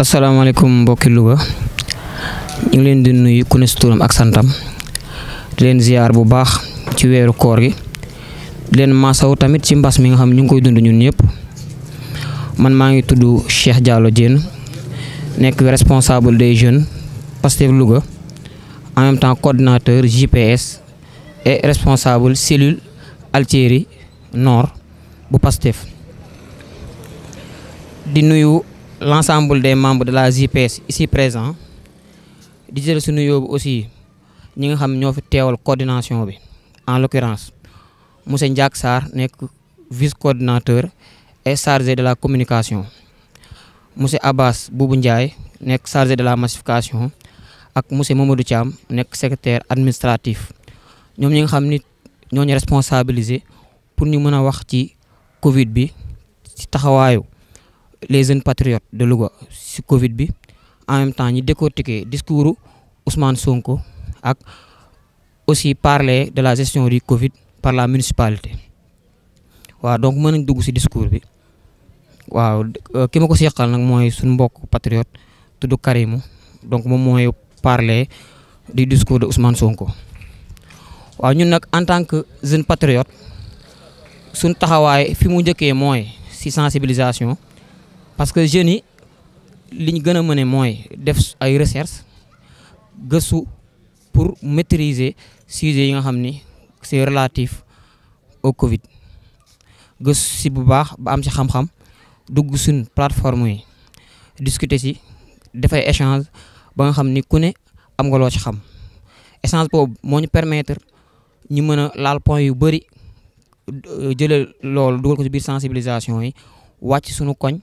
Assalamualaikum mbokki luba ñu leen di nuyu ku ne turam ak santam di leen ziar bu baax ci wéru koor gi di leen maasawu tamit ci mbas mi nga xam ñu ngi koy dund ñun ñëpp man maa ngi tudd Cheikh Diallo Diène nekk responsable des jeunes pasteur Louga en même temps coordinateur gps et responsable cellule Altieri Nord bu Pastef di nuyu l'ensemble des membres de la JPS ici présents di aussi ñi nga xam coordination en l'occurrence M. Ndiak Sar, vice coordinateur et chargé de la communication M. Abbas Boubou chargé de la massification et M. Mamadou Tcham, secrétaire administratif Nous ñi nga pour nous parler de wax Covid 19 les jeunes patriotes de Louga le Covid bi en même temps ñi décortiquer discours d'Ousmane Sonko et aussi parler de la gestion du Covid par la municipalité Wa donc nous nañ dugg ce discours bi Wa, euh, ki ma ko Je que je suis mbokk patriote donc je mooy parler du discours d'Ousmane Sonko Wa, ñun en tant que jeune patriote suñ taxawaay fi mu njëkkee moi, sensibilisation parce que jeunes yi li ñu gën a mën def ay recherche gëssu pour maîtriser sujets yi nga xam ni c'est relatif au Covid gëss ci bu baax ba am ci xam-xam dugg suñ plateforme yi discuter ci defay échange ba nga xamni ku ne am nga lo ci xam échange boobu mo ñu permettre ñu mëna laal point yu bari jëlee lool dugal ko ci biir sensibilisation yi wàcc suñu koñ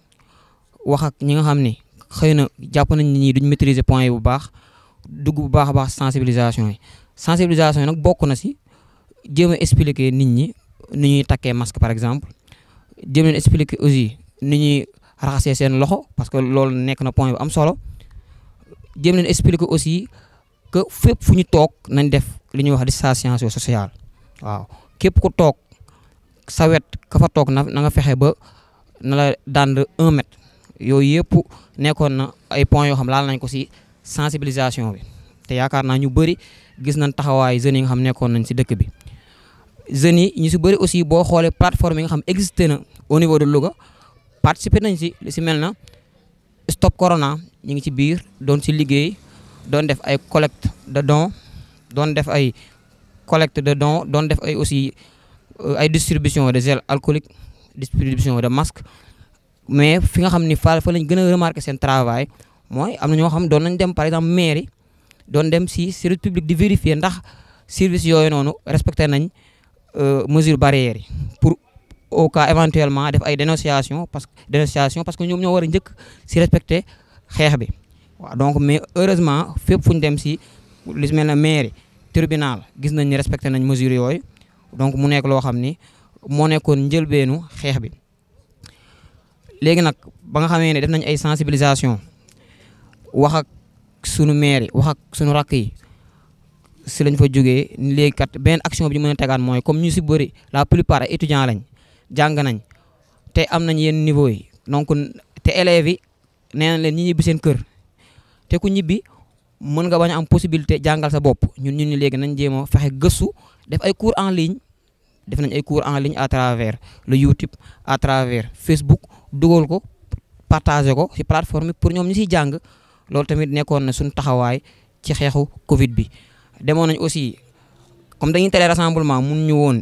wax ak ñi nga xam ne xëy na jàpp nañ ni ñii duñ maîtriser point bu baax dugg bu baax a baax sensibilisation yi sensibilisation yi nag bokk na si jéem a expliquer nit ñi ni ñuy takkee masque par exemple jéem leen expliquer aussi ni ñuy raxasee seen loxo parce que loolu nekk na point bu am solo jéem leen expliquer aussi que fépp fu ñu toog nañ def li ñuy wax distanciation sociale waaw képp ku toog sa wet ka fa na fexe ba na la dànd un mètre yooyu yëpp nekkoon na ay points yoo xam laal nañ ko si sensibilisation bi te yaakaar naa ñu bëri gis nañ taxawaay jeunes yi nga xam nekkoon nañ si dëkk bi. jeunes yi ñu si bëri aussi boo xoolee plateforme yi nga xam existé na au niveau de luga participer nañ si si mel na stop corona ñu ngi ci biir doon si liggéey doon def ay collecte de don doon def ay collecte de don doon def ay aussi euh, ay distribution de gel alcoolique distribution de masque mais fi nga xam ni fa fa lañ gën a remarqué seen travail mooy am na ñoo xam doon nañ dem par exemple mairie doon dem si service public di vérifier ndax service yooyu noonu respecté nañ euh, mesure barrières yi pour au cas éventuellement def ay dénonciation parce que dénonciation parce que ñoom ñoo war a njëkk si respecté xeex bi waaw donc mais heureusement fépp fu ñu dem si lismel mel ne mairie tribunal gis nañ ni respecté nañ mesure yooyu donc mu nekk loo xam ni moo nekkoon njëlbeenu xeex bi léegi nag ba nga xamee ne def nañ ay sensibilisation wax ak sunu maire yi wax ak sunu rakk yi si lañ fa jógee léegi kat benn action bi ñu mën a tegaan mooy comme ñu si bëri la plupart ay étudiants lañ jàng nañ te am nañ yenn niveau yi donc te élèves yi nee nañ leen ñi ñibbi seen kër te ku ñibbi mën nga bañ am possibilité jàngal sa bopp ñun ñun ñu léegi nañ jéem a fexe gëstu def ay cours en ligne def nañ ay cours en ligne à travers le YouTube à travers Facebook dugal ko partagé ko si plateforme pour ñoom ñu siy jàng loolu tamit nekkoon na suñu taxawaay ci xeexu Covid bi. demoon nañ aussi comme dañuy tere rassemblement mun ñu woon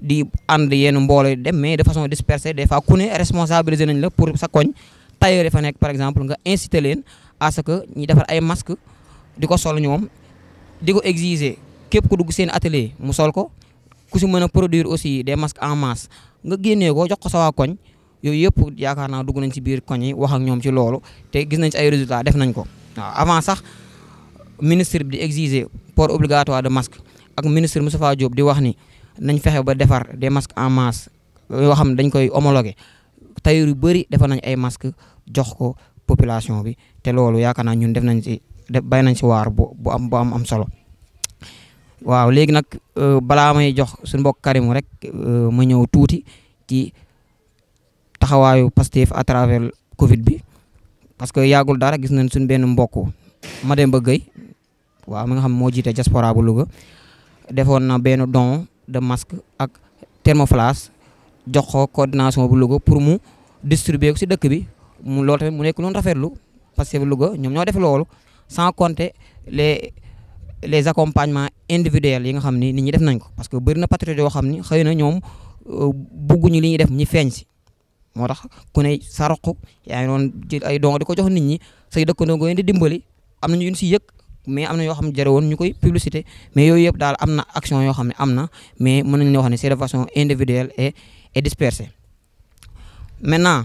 di ànd yenn mbooloo dem mais de façon dispersée des fois ku ne responsabilisé nañ la pour sa koñ tailleur yi fa nekk par exemple nga incité leen à que ñi defar ay masque di ko sol ñoom di ko exiger képp ku dugg seen atelier mu sol ko ku si mën a produire aussi des masques en masse nga génnee ko jox ko sa koñ. yooyu yëpp yaakaar naa dugg nañ ci biir koñ yi wax ak ñoom ci loolu te gis nañ ci ay résultats def nañ ko waaw avant sax ministre bi di exiger port obligatoire de masque ak ministre Moustapha Diop di wax ni nañ fexe ba defar des masques en masse yoo xam dañ koy homologué tailleur yu bëri defar nañ ay masques jox ko population bi te loolu yaakaar naa ñun def nañ ci def bay nañ si waar bu bu am bu am am solo waaw léegi nag euh, balaa may jox suñu mbokk Karim rek euh, ma ñëw tuuti taxawaayu Pastef à travers Covid bi parce que yàggul dara gis nañ suñ benn mbokk Mademba Gueye waaw mi nga xam moo jiite diaspora bu Louga defoon na benn don de masque ak thermoflash jox ko coordination bu Louga pour mu distribuer ko si dëkk bi mu loolu tamit mu nekk loon rafetlu Pastef Louga ñoom ñoo def loolu sans compter les les accompagnements individuels yi nga xam ni nit ñu def nañ ko parce que bëri na patriote yoo xam ni xëy na ñoom euh, bugguñu li ñuy def ñi feeñ si motax ku ne sa roq yaa ngi jël ay dong diko jox nit ñi dekk no goy di dimbali am na ñu ci yek mais am yo xam ne jare woon publicité mais yoy yeb dal am action yo xamni amna mais mën nañ wax ni c'est de façon individuelle et et dispersée maintenant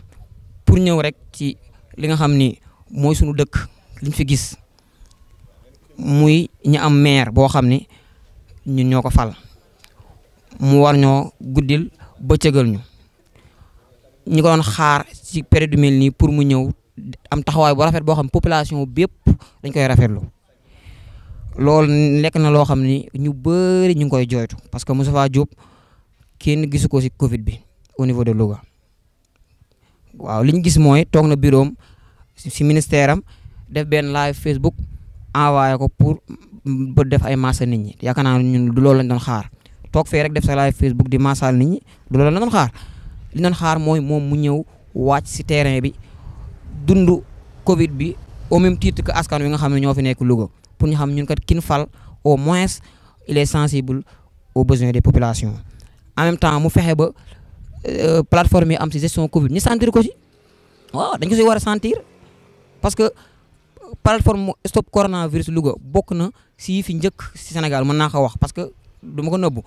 pour ñew rek ci li nga xamni moy suñu dekk liñ fi gis muy ñi am maire bo xamni ñun ñoko fal mu war ñoo guddil ñu ñu ko doon xaar ci période mel nii pour mu ñëw am taxawaay bu rafet boo xam population bépp dañ koy rafetlu loolu nekk na loo xam ni ñu bëri ñu ngi koy jooytu parce que Moustapha Diop kenn gisu ko si Covid bi au niveau de luga waaw li ñu gis mooy toog na bureau am ci ministère am def benn live Facebook envoyé ko pour ba def ay massa ni ñi yaakaar naa ñun du loolu lañ doon xaar toog fee rek def sa live Facebook di massal nit ñi du loolu lañ doon xaar. li doon xaar mooy moom mu ñëw wàcc si terrain bi dund Covid bi au même tiit que askan wi nga xam ne ñoo fi nekk Louga pour ñu xam ñun kat kin fal au moins il est sensible aux besoins des populations. en temps mu fexe ba euh, plateforme yi am si gestion Covid ñu sentir ko si waaw dañ ko si war a sentir parce que plateforme stop coronavirus Louga bokk na si fi njëkk si senegal mën naa ko wax parce que du ma ko nëbbu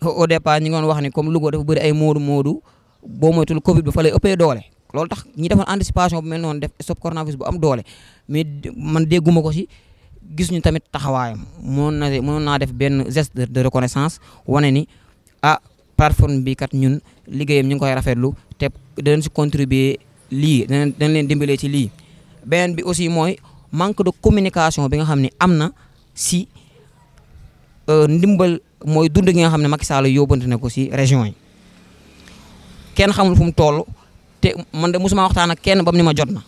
au départ ñu ngi doon wax ni comme Louga dafa bëri ay moodu-moodu. boo moytul Covid bi fa lay ëppee doole loolu tax ñi defoon anticipation bu mel noonu def stop coronavirus bu am doole mais man dégguma ko si gis ñu tamit taxawaayam mënoon na mënoon naa def benn geste de reconnaissance wane ni ah plateforme bi kat ñun liggéeyam ñu ngi koy rafetlu te si contribuer lii danañ leen dimbalee ci lii. beneen bi aussi mooy manque de communication bi nga xam ni am na si euh, ndimbal mooy dund gi nga xam ne Macky Sall yóbbante na ko si région yi. kenn xamul fum mu toll te man de musuma waxtana ak kenn bam ni ma jotna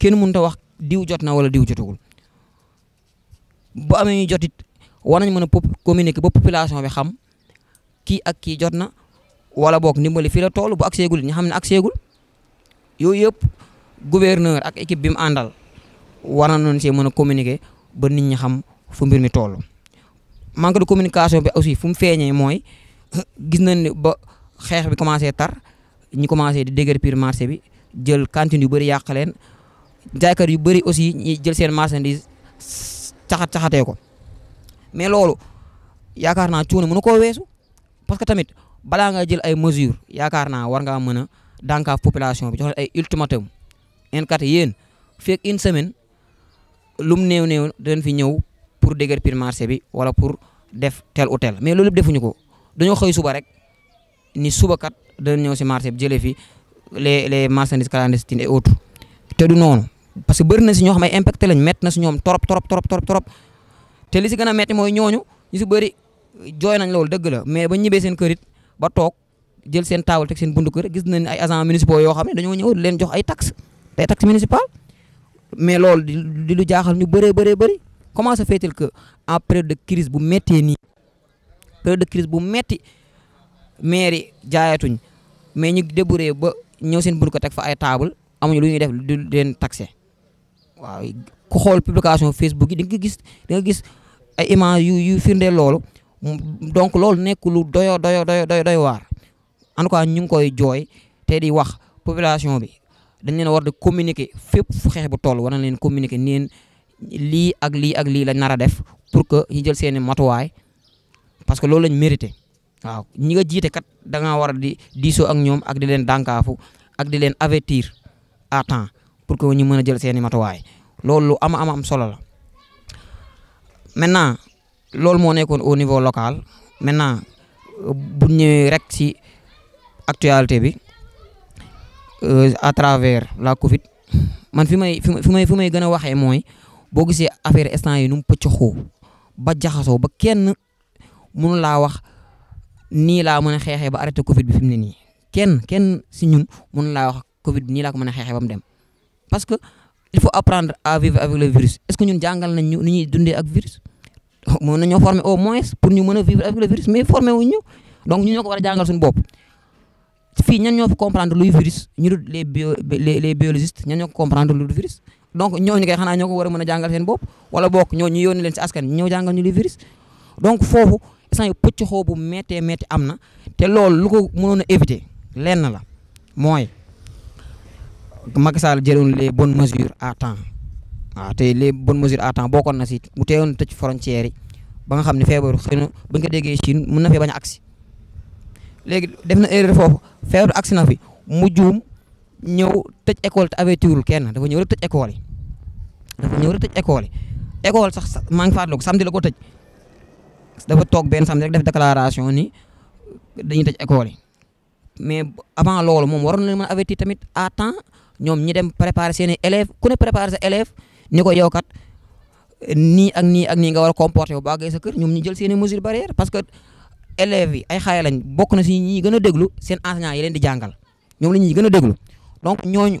kenn mënut wax diw jotna wala diw jotugul bu wana ñu mana it war nañ mën a communiquer ba population bi xam ki ak kii jot wala bok nimbali fi la toll bu accès gul ñu xam ne accès yep yooyu gouverneur ak équipe bi andal àndal war nañu see mën communiquer ba nit ñi xam fu mbir mi toll. manque de communication bi aussi fu mu feeñee moy gis nañ ni ba. xeex bi commencé tar ñu commencé di dégër pire marché bi jël cantine yu bëri yàq leen jaaykat yu bëri aussi ñi jël seen marchandise caxat caxatee ko mais loolu yaakaar naa coono mënu ko weesu parce que tamit balaa nga jël ay mesures yaakaar naa war ngaa mën a dànkaaf population bi jox ay ultimatum en kat yéen fekk une semaine lum néew néew dañ fi ñëw pour déguerpir marché bi wala pour def tel ou mais loolu lépp defuñu ko dañoo xëy suba rek. ni suba kat dana ñëw si marché bi jëlee fi les les marchandises clandestines et autres noonu parce que bëri na si ñoo xam ay impacté lañ métti na si ñoom trop trop trop trop trop te li si gën a métti mooy ñooñu ñu si bëri jooy nañ loolu dëgg la mais ba ñibbee seen kër it ba toog jël seen taawal teg seen bundu kër gis nañ ay agent municipaux yoo xam ne dañoo ñëw leen jox ay taxes ay taxes municipales mais loolu di lu jaaxal ñu bëree bëree bëri comment se fait-il que en période de crise bu méttee nii mairie jaayatuñ mais ñu débrouillé ba ñëw seen bunt ko teg fa ay table amuñu lu ñuy def du leen taxé waaw ku xool publication Facebook yi di nga gis di nga gis ay image yu yu firndeel loolu donc loolu nekk lu doyo doyo doyo doy doy waar en tout cas ñu ngi koy jooy te di wax population bi dañ leen war di communiquer fépp fu xeex bu toll war na leen communiquer neen lii ak lii ak lii lañ nar a def pour que ñu jël seeni matuwaay parce que loolu lañ mérité waaw ñi nga jiite kat da nga war di diisoo ak ñoom ak di leen dànkaafu ak di leen avertir à temps pour que ñu mën a jël seen i matuwaay loolu lu ama am am solo la maintenant loolu moo nekkoon au niveau local maintenant bu ñëwee rek si actualité bi euh, à travers la Covid man fi may fi may fi may gën a waxee mooy boo gisee affaire instant yi nu mu pëcc xoo ba jaxasoo ba kenn mënu laa wax. ni la mën xexé ba arrêté Covid bi fi ni Ken Ken kenn kenn si ñun mën la wax Covid ni la ko mëna xexé xeexee ba dem parce que il faut apprendre à vivre avec le virus est ce que ñun jangal nañ ñu ni ñuy dundé ak virus. mën nañoo formé au moins pour ñu mëna vivre avec le virus mais formé wuñ ñu donc ñu ñoko wara jangal suñu bop fi ñan ñoo fi comprendre luy virus ñu les bio les les biologistes ñan ñoko comprendre luy virus. donc ñi kay xana ñoko wara mëna jangal seen bop wala ñoo ñi yoni leen ci askan ñoo jangal ñu luy virus donc fofu instant yu pëcc xoo bu méttee métti am na te loolu lu ko mënoon a éviter lenn la mooy Macky Sall jëloon les bonnes mesures à temps waaw te les bon mesures à temps bokkoon na si mu teewoon tëj frontières yi ba nga xam ne feebaru xëy ba bu ñu ko déggee Chine mën na fee bañ a léegi def na erreur foofu feebaru agsi na fi mu juum ñëw tëj école te avertirul kenn dafa ñëw rek tëj école yi dafa ñëw école yi école sax maa ngi fàttaliku samedi la ko tëj. dafa toog benn samedi rek def ni dañuy tëj école yi mais avant loolu moom waroon na mën a avertir tamit à temps ñoom ñi dem préparer seen i élèves ku ne préparer sa élève ni ko yow kat nii ak nii ak nii nga war a comporter bu bàggee sa kër ñoom ñu jël seen i mesures barrières parce que élèves yi ay xaay lañ bokk na si ñi gën a déglu seen enseignants yi leen di jàngal ñoom la ñuy gën a déglu donc ñooñu.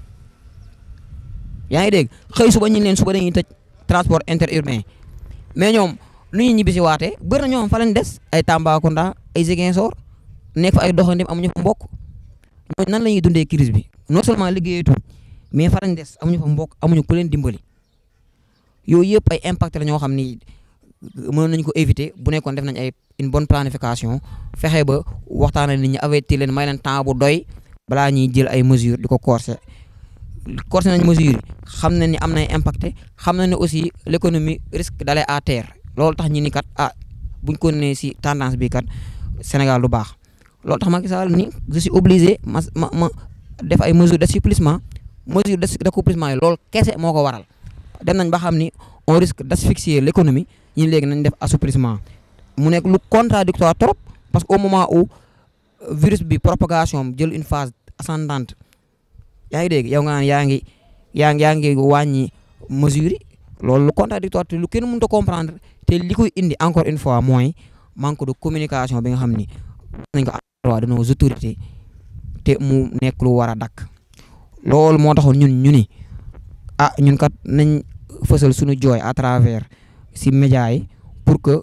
yaa ngi dégg xëy suba ñu leen suba dañuy tëj transport interurbain mais ñoom lu ñuy ñibbisi waatee bëri na ñoom fa lañ des ay Tambacounda ay Ziguinchor nekk fa ay doxandim amuñu fa mbokk ñooñu nan la ñuy dundee crise bi non seulement liggéeyatuñ mais fa lañ des amuñu fa mbokk amuñu ku leen dimbali yooyu yëpp ay impact la ñoo xam ni mënoon nañ ko éviter bu nekkoon def nañ ay une bonne planification fexe ba waxtaan nit ñi avertir leen may leen temps bu doy balaa ñuy jël ay mesures di ko corser corsé nañ mesure yi xam nañ ni am nay impacté xam nañ ne aussi léconomie économie risque d'aller à terre loolu tax ñi ni kat ah buñ ko nee si tendance bi kat Sénégal du baax loolu tax Macky Sall ni je suis obligé ma ma def ay mesures d'assouplissement mesures d'assouplissement yi loolu kese moo ko waral dem nañ ba xam ni on risque d'asphyxier l' économie ñi léegi nañ def assouplissement mu nekk lu contradictoire trop parce que au moment où virus bi propagation jël une phase ascendante yaa ngi dégg yow nga naan yaa ngi yaa ngi yaa ngi wàññi mesure yi loolu lu contradictoire te lu kenn mënut a comprendre te li koy indi encore une fois mooy manque de communication bi nga xam ni nañ ko à de nos autorités te mu nekk lu war a dakk loolu moo taxoon ñun ñu ni ah ñun kat nañ fësal sunu jooy à travers si média yi pour que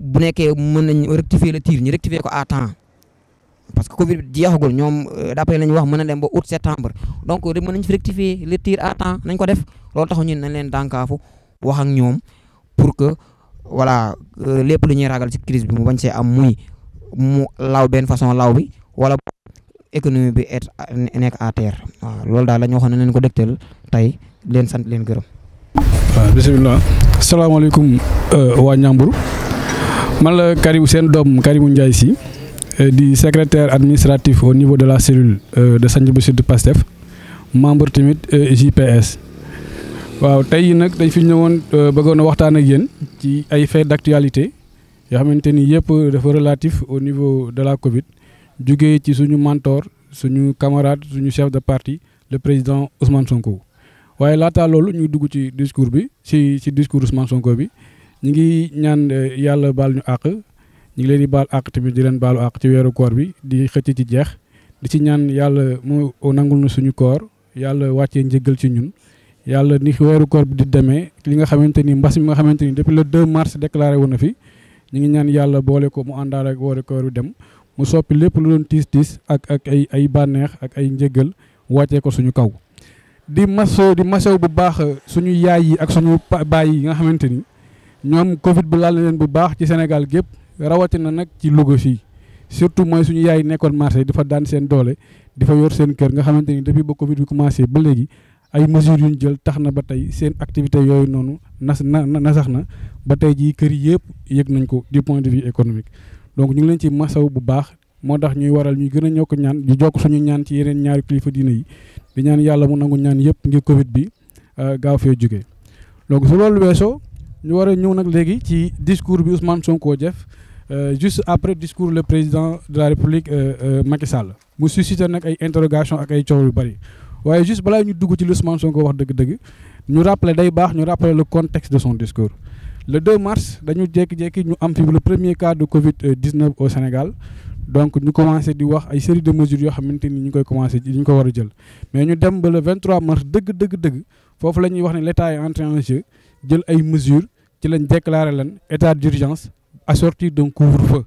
bu nekkee mun nañ rectifier le tir ñu rectifier ko à temps parce que covid bi ñom ñoom euh, d'après lañu wax mëna dem ba août septembre donc mën nañ fi rectifier le tir à temps nañ ko def loolu taxu ñun nañ leen dankafu wax ak ñom pour que voilà euh, lepp lu ñuy ragal ci crise bi mu bañ see am muy mu law ben façon law bi wala économie bi et nek à terre waaw da lañ la ñu leen ko dektel tay leen sant leen gërëm waaw bisimilah salaamaaleykum euh, waa Ñambur man la Karim sen dom karim ndjay si Euh, di secrétaire administratif au niveau de la cellule euh, de Sandiougu Sud Pastef membre tamit euh, JPS. waaw tey nag dañ fi ñëwoon bëggoon a waxtaan ak yéen ci ay d'actualité yoo xamante ni yëpp dafa relatif au niveau de la Covid jugee ci suñu mentor suñu camarade suñu chef de parti le président Ousmane Sonko. waaye laataa loolu ñu dugg ci discours bi ci discours Ousmane Sonko bi ñu ngi ñaan yàlla baal ñu àq ñu ngi leen di baal àq tamit di leen baalu àq ci weeru koor bi di xëcc ci jeex di ci ñaan yàlla mu nangul na suñu koor yàlla wàccee njëggal ci ñun yàlla ni weeru koor bi di demee li nga xamante ni mbas mi nga xamante ni depuis le 2 mars déclaré woon na fi ñu ngi ñaan yàlla boole ko mu àndaal ak weeru koor bi dem mu soppi lépp lu doon tiis tiis ak ak ay ay bànneex ak ay njëggal wàccee ko suñu kaw di maso di masow bu baax suñu yaay yi ak suñu baay yi nga xamante ni ñoom covid bi laal leen bu baax ci Sénégal gépp rawatina nag ci Louga fii surtout mooy suñu yaay nekkoon marché dafa daan seen doole di fa yor seen kër nga xamante ni depuis ba Covid bi commencé ba léegi ay mesures yu ñu jël tax na ba tey seen activité yooyu noonu nas na na sax na ba tey jii kër yëpp yëg nañ ko du point de vue économique. donc ñu ngi leen ci masaw bu baax moo tax ñuy waral ñu gën a ñokk ñaan di jokk suñu ñaan ci yeneen ñaari kilifa diine yi di ñaan yàlla mu nangu ñaan yëpp ngir Covid bi euh, gaaw fee jógee donc ñu war ñëw nag léegi ci discours bi Ousmane Sonko def. Euh, juste après le discours du président de la république euh, euh, Macky Sall a suscité une interrogation à ay coow yu juste avant ñu dugg ci Ousmane Sonko wax le contexte de son discours. le 2 mars nous avons que le premier cas de Covid 19 au Sénégal donc avons commencé à wax une série de mesures nous xamante ñu koy commencé ñu mais nous dem le 23 mars il faut que l'État est entré en jeu jël des mesures ci lañ déclaré l'état d'urgence, assorti d'un couvre-feu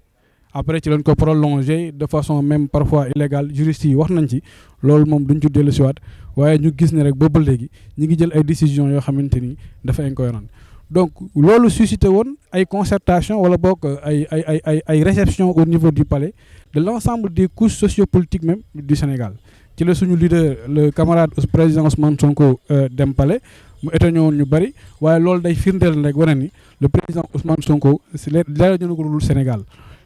après ci lañ prolongé de façon même parfois illégale juristes yi wax nañ ci loolu moom duñ ci dellu siwaat waaye ñu gis ne rek booba léegi ngi jël ay décisions yoo xamante ni dafa incohérent donc loolu suscité woon ay concertation wala boog ay ay ay ay réception au niveau du palais de l'ensemble des couches sociopolitiques même du Sénégal ci le suñu leader le camarade président Ousmane Sonko euh, dem palais mu étonné woon ñu bëri waaye loolu day firndeel rek wane le président Ousmane Sonko c'est leer dara ñu ko dul Sénégal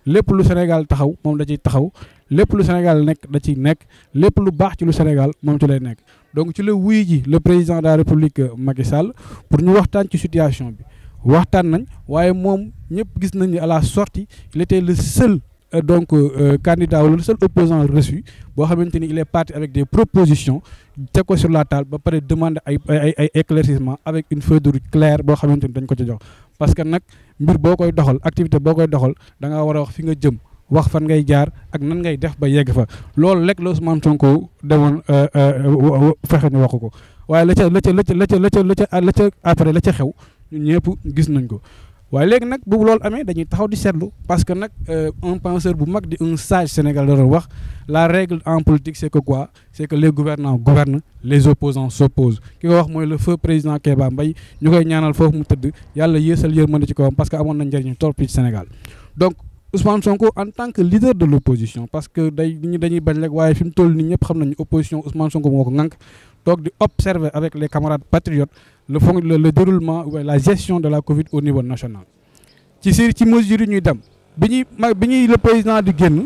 lépp lu Sénégal taxaw moom da ciy taxaw lépp lu Sénégal nek da ciy nekk lépp lu baax ci lu Sénégal moom ci lay nekk. donc ci le wuy ji le président de la république euh, Macky Sall pour ñu waxtaan ci situation bi waxtaan nañ waye mom ñepp gis nañ ni à la sortie il était le seul. Euh, donc euh, euh, candidat le seul opposant reçu il est parti avec des propositions sur la table ba des demander avec une feuille de route claire parce que l'activité, mbir la la la après waaye léegi nag bu loolu amee dañuy taxaw di seetlu parce que nag euh, un penseur bu mag di un sage Sénégal da doon wax la règle en politique c'est que quoi c'est que les gouvernants gouvernent les opposants s'opposent ki ko wax mooy le feu président Kéba Mbaye ñu koy ñaanal foofu mu tëdd yàlla yéesal yërmande ci kawam parce que amoon na njëriñu torop Sénégal donc Ousmane Sonko en tant que leader de l'opposition parce que day nit ñi dañuy bañ rek waaye fi mu toll nii ñëpp xam nañu opposition Ousmane Sonko moo ko ŋànk donc d'observer avec les camarades patriotes le, déroulement ou la gestion de la Covid au niveau national. ci si ci mesures yi le président du génn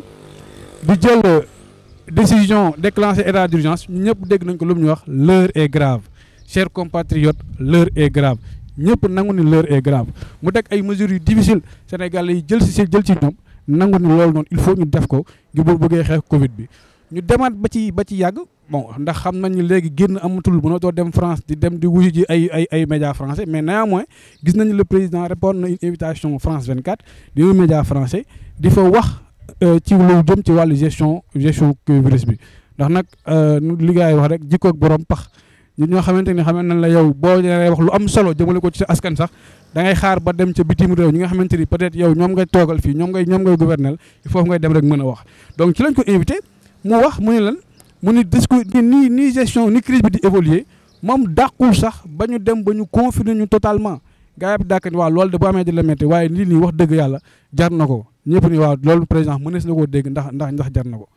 di jël euh, décision déclencher état d'urgence nous avons dégg nañ ko l'heure est grave chers compatriotes l'heure est grave ñëpp dit que l'heure est grave mu teg ay mesures difficiles, difficile Sénégalais yi jël si si jël ci il faut ñu def ko Covid bi ñu demaat ba ci bon ndax xam nañu léegi génn amatul mënatoo dem France di dem di wuyu ji ay ay ay médias français mais néanmoins gis nañu le président répondre na une invitation France 24 di un média français di fa wax euh, ci lu jëm ci wàllu gestion gestion virus bi ndax nag euh, li gars wax rek jikkoog borom pax ñun ñoo xamante ni xamante nañ la yow boo nee wax lu am solo jëmale ko ci askan sax da ngay xaar ba dem ca bitim réew ñi nga xamante ni peut-être yow ñoom ngay toogal fii ñoom ngay ñoom ngay gouverner il faut ngay dem rek mën a wax donc ci lañ ko invité mu wax mu ne lan mu ni discours ni ni gestion ni crise bi di évoluer mom dàqul sax bañu dem bañu confiner ñu totalement gars yi ni wa lol de bu amé di la metti waye ni ni wax deug yalla jar nako ñepp ni wa lol président mënes nako deug ndax ndax ndax jar nako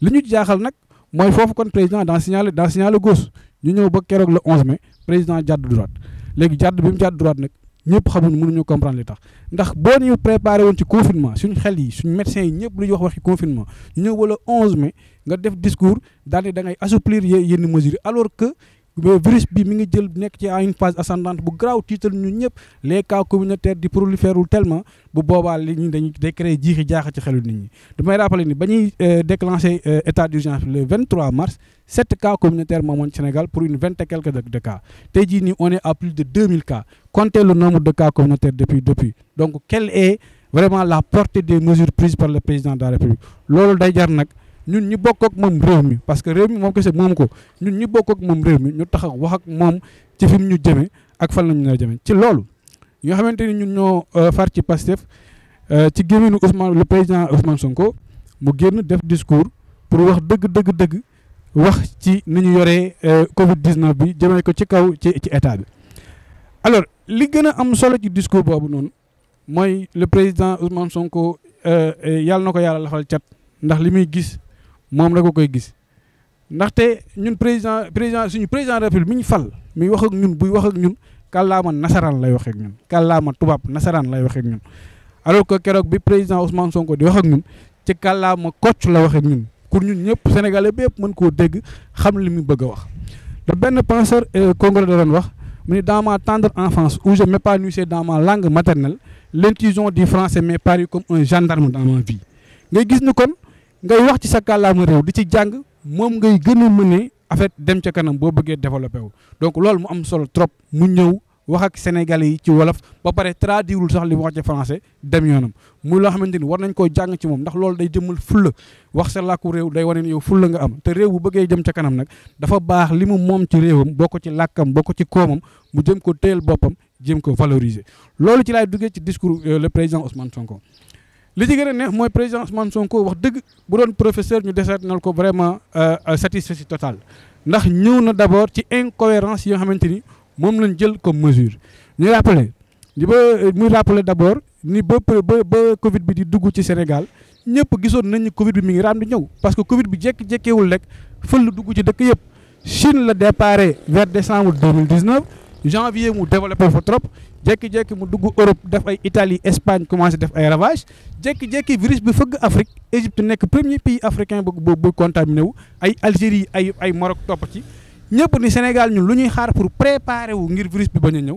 liñu jaxal nak moy fofu kon président dans signal dans signal gauche ñu ñew ba kérok le 11 mai président jàdd droite légui jadd bi mu jàdd droite nak ñëpp xamuñ mënuñu comprendre li tax ndax boo ñu préparé woon ci confinement suñu xel yi suñu médecins yi ñëpp lu ñuy wax waxi confinement ñëw wala 11 mais nga def discours daal di da ngay assouplir yenn mesures alors que Le virus bi mi une phase ascendante bu grave titre ñun ñëpp les cas communautaires di proliférerul tellement bu boba li ñu dañuy décret créé jiixi ci xelu nit ñi dama rappelé ni bañuy euh, euh, état d'urgence le 23 mars 7 cas communautaires moomoon Sénégal pour une vingtaine quelques de cas tey jii on est à plus de 2000 cas comptez le nombre de cas communautaires depuis depuis donc quelle est vraiment la portée des mesures prises par le président de la République lolu day jar nous ñu bokk ak réew mi parce que réew mi moom moom ko ñun ñu bokk ak moom réew mi ñu wax ak ci ñu ak le président Ousmane Sonko mu génn def discours pour wax wax ci ni ñu euh, Covid 19 bi ko alors li gën a am solo discours le président Ousmane Sonko euh, na moom rek a koy gis ndaxte ñun président président suñu président de la république mi ñu fal mi wax ak ñun buy wax ak ñun kàllaama nasaraan lay wax ak ñun kàllaama tubaab nasaraan lay wax ak ñun alors que keroog bi président Ousmane Sonko di wax ak ñun ci kàllaama kocc la wax ak ñun pour ñun ñëpp sénégalais bépp mën koo dégg xam li mu bëgg a wax. le benn penseur euh, congolais da doon wax mu ne dans ma tendre enfance où je m'épanouissais dans ma langue maternelle l'intuition du français m'est paru comme un gendarme dans ma vie ngay gis ni kon. ngay wax ci sa kàllaama réew di ci jàng moom ngay gën a mëne en fait dem ca kanam boo bëggee développé wu donc loolu mu am solo trop mu ñëw wax ak sénégalais yi ci wolof ba pare traduirewul sax li mu wax ci français dem yoonam muy loo xamante ni war nañ koo jàng ci moom ndax loolu day jëmmal fulla wax sa làkku réew day wane ni yow fulla nga am te réew bu bëggee jëm ca kanam nag dafa baax li mu moom ci réewam boo ko ci làkkam boo ko ci koomam mu jëm ko téyel boppam jëm ko valoriser loolu ci laay duggee ci discours euh, le président Ousmane Sonko li ci gëna neex mooy président Ousmane Sonko wax dëgg bu doon professeur ñu deseet nal ko vraiment euh, euh, satisfaction totale ndax ñëw na d' abord ci incohérence yi nga xamante ni moom lañ jël comme mesure ñu rappelé di ba euh, muy rappelé d' abord ni ba ba Covid bi di dugg ci Sénégal ñëpp gisoon nañ ni Covid bi mi ngi raam di ñëw parce que Covid bi jékki-jékkiwul rek fël dugg ci dëkk yëpp Chine la déparé vers décembre 2019 janvier mu développé fa trop jékki-jékki mu dugg Europe def ay Italie Espagne commencé def ay ravage jékki-jékki virus bi feug Afrique Égypte nek premier pays africain bu bu contaminé wu ay Algérie ay ay Maroc top ci ñepp ni Sénégal ñun lu ñuy xaar pour préparer wu ngir virus bi baña a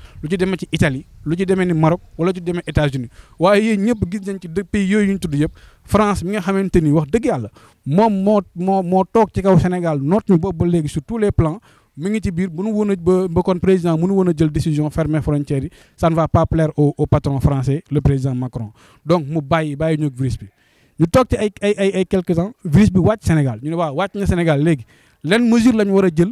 lu ci demee ci Italie lu ci démé ni Maroc wala lu ci demee États-Unis waye yéen ñëpp gis nañ ci pays yooyu ñu tuddu yépp France mi nga xamanteni wax dëgg yàlla mom mo, mo moo toog ci kaw Sénégal note ñu boobu ba sur tous les plans mi ngi ci biir bu nu wona ba ba kon président mënu woon a jël décision fermer frontière ça ne va pas plaire au au patron français le président Macron donc mu bayyi bayyi ñoog virus bi. ñu tok ci ay ay ay quelques temps virus bi wacc Sénégal ñu ne waaw wàcc na Sénégal légui lan mesure lañ wara jël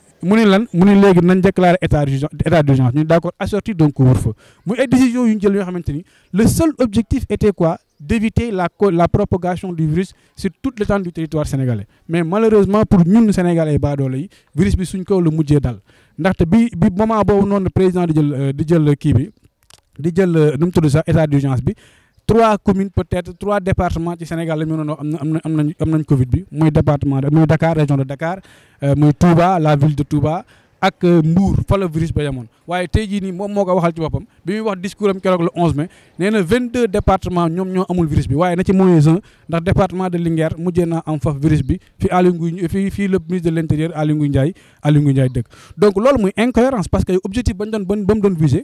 lan d'accord assorti d'un couvre décision le seul objectif était quoi d'éviter la la propagation du virus sur toute l'étendue du territoire sénégalais mais malheureusement pour ñun sénégalais le virus bi suñ peu plus dal bi moment président di jël d'urgence trois communes peut-être trois départements du Sénégal la ñu mënoon Covid bi muy département muy Dakar région de Dakar euh, muy Touba la ville de Touba ak euh, Mbour fa la virus ba yamoon waaye tey jii nii moom waxal ci boppam bi wax discours am keroog le 11 mai nee na 22 départements ñoom ñoo amul virus bi waaye na ci moins un ndax département de Linger, mujjee naa am faf virus bi fi Aliou le ministre de l'Intérieur, intérieur Aliou Ngouye Ndiaye virus. donc loolu muy incohérence parce que objectif bañ doon ba mu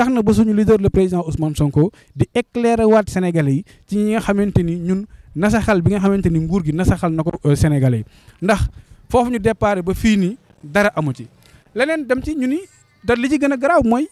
tax na ba suñu leader le président Ousmane Sonko di éclairer waat yi ci ñi nga xamante ni ñun nasaxal bi nga xamante ni nguur gi nasaxal na ko euh, Sénégalais yi ndax foofu ñu départ ba fii nii dara amu ci leneen dem ci ñu ni te li ci gën a garaaw mooy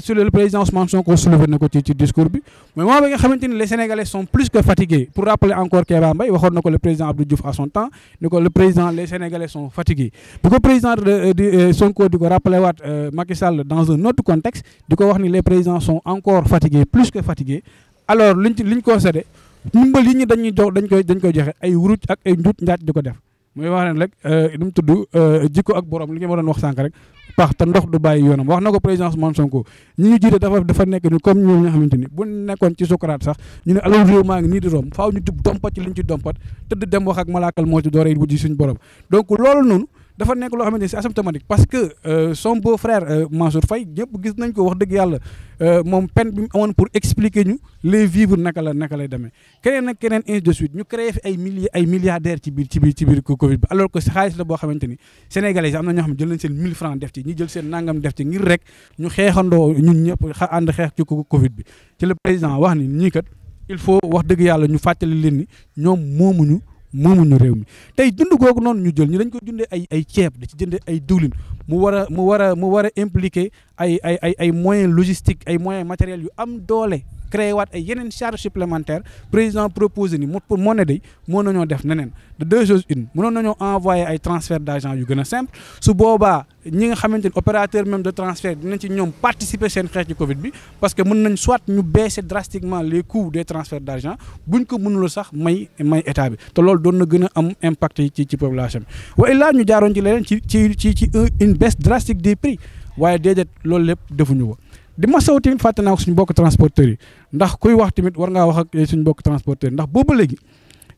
sur le président Ousmane Sonko soulevé na ko ci ci discours bi mais moom bi nga xamante ni les sénégalais sont plus que fatigués pour rappeler encore Kéba Mbaye waxoon na ko le président Abdou Diouf à son temps ni ko le président les sénégalais sont fatigués bu ko président de euh, euh, Sonko di ko rappelé waat euh, Macky Sall dans un autre contexte di ko wax ni les présidents sont encore fatigués plus que fatigués alors liñ ci liñ concédé ndimbal yi ñu dañuy jox dañ koy dañ koy joxe ay wuruj ak ay njut njaaj di ko def muy wax leen rek euh, nu tudd euh, jikko ak borom li ñu ma doon wax sànq rek pax te ndox du bàyyi yoonam wax na ko président Ousmane Sonko ñi ñu jiite dafa dafa nekk ni comme ñoom ñoo xamante ni bu nekkoon ci Socrate sax ñu ne alal réew maa ngi nii di rom faaw ñu jub dompat ci li ñu ci dompat tëdd dem wax ak malaakal moo ci doore wujji suñ borom donc loolu noonu dafa nekk loo xamante ni c'est asymptomatique parce que euh, son beau frère euh, Mansour Faye ñëpp gis nañ ko wax dëgg yàlla euh, moom peine bi mu amoon pour expliquer ñu les vivres naka la naka lay demee keneen na keneen ainsi de suite ñu créé fi ay milliers ay milliardaires ci biir ci biir ci biir Covid bi alors que xaalis la boo xamante ni sénégalais yi am na ñoo xam ne jël nañ seen 1000 francs def ci ñi jël seen nangam def ci ngir rek ñu xeexandoo ñun ñëpp ànd xeex ci Covid bi ci le président ni ñii kat il wax dëgg yàlla ñu fàttali leen ñoom moomuñu moomuñu réew mi tey dund googu noonu ñu jël ñu dañ ko dundee ay ay ceeb da ci jëndee ay diwlin mu war a mu war a mu war a impliquer ay ay ay ay moyens logistiques ay moyens matériels yu am doole Créer waat ay yeneen charge supplémentaire président propose ni pour moo ne day mën nañoo def neneen de deux choses une Mon nañoo envoyer ay transfert d'argent. yu gëna simple su boba ñi nga xamanteni opérateur même de transfert dinañ ci ñom participer sen xeex ci Covid bi parce que mën nañ soit ñu baisser drastiquement les coûts des transferts d'argent. buñ ko mënul sax may may état bi te loolu doona gëna am impact ci ci population wa illa ñu jaaroon ci leneen ci ci ci ci une baisse drastique des prix waaye déedéet loolu lépp defuñu ko. di ma saw tamit fàtte naa ko suñu bokk transporteurs yi ndax kuy wax tamit war ngaa wax ak suñu bokk transporteurs yi ndax boobu léegi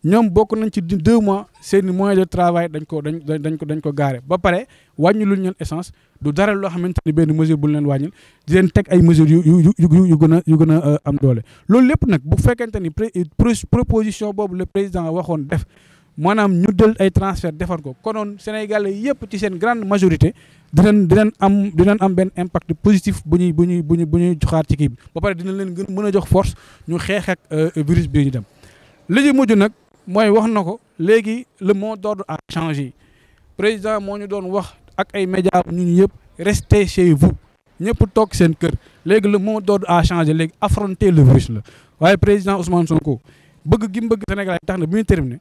ñoom bokk nañ ci deux mois seen moyen de travail dañ ko dañ dañ ko dañ ko gaare ba pare wàññi luñ leen essence du dara loo xamante ni benn mesure bu leen wàññil di leen teg ay mesures yu yu yu yu gën a yu gën a euh, am doole. loolu lépp nag bu fekkente ni proposition boobu la président waxoon def. maanaam ñu jël ay transfert defar ko konoon Sénégalais yëpp ci seen grande majorité dinañ dinañ am dinañ am benn impact positif bu ñuy bu ñuy bu ñuy bu ñuy joxaat ci kii bi ba pare dinañ leen gën mën a jox force ñu xeex ak euh, virus bii ñu dem. li ñu mujj nag mooy wax na ko léegi la moo d'ordre à changé président moo ñu doon wax ak ay médias ñu yëpp restez chez vous ñëpp toog seen kër léegi la moo d'ordre à changé léegi affronter le virus la waaye président Ousmane Sonko bëgg gi Sénégal tax na bi ñu terminé.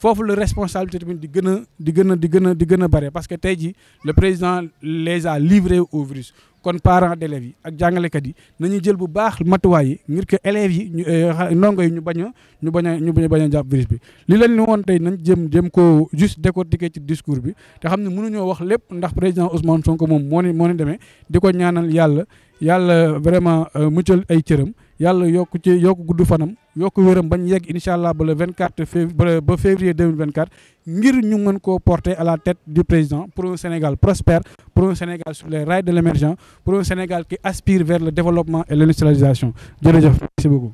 foofu la responsabilité tamit di gëna di gëna di gëna di gëna bare parce que tay ji le président les a livrés au virus kon parents d'élèves yi ak kat yi nañu jël bu baax matuwaay yi ngir que élèves yi ñu euh, ndongo yi ñu bañ ñu bañ ñu bañ a jàpp virus bi li lañ ni won tay nañ jëm jëm ko juste décortiquer ci discours bi te xamni ne mënuñoo wax lépp ndax président Ousmane Sonko mom mo ni moo ni demee di ko ñaanal yàlla yàlla vraiment euh, muccël ay cërëm yàlla yokk ci yokk gudd fanam nous que bañ le 24 février 2024 ngir ñu porter à la tête du président pour un Sénégal prospère pour un Sénégal sur les rails de l'émergence pour un Sénégal qui aspire vers le développement et l'industrialisation merci beaucoup